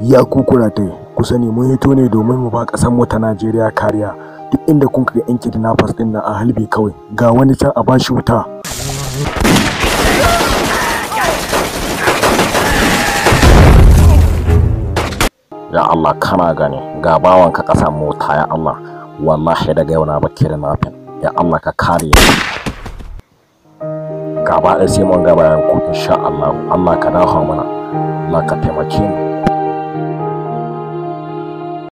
ya kukura ta ku sani mun hito ne domin mu ba ƙasar mu ta Najeriya kariya duk inda kun ga da nafas din nan a halbe kawai ga wani can a bashi wuta ya Allah kana gani ga bawan ka ƙasar mota ya Allah wallahi daga yau na ba nafin, ya Allah ka kare gaba ɗaya sai mun ga bayan ku insha Allah Allah ka dafa mana Allah ka taimake mu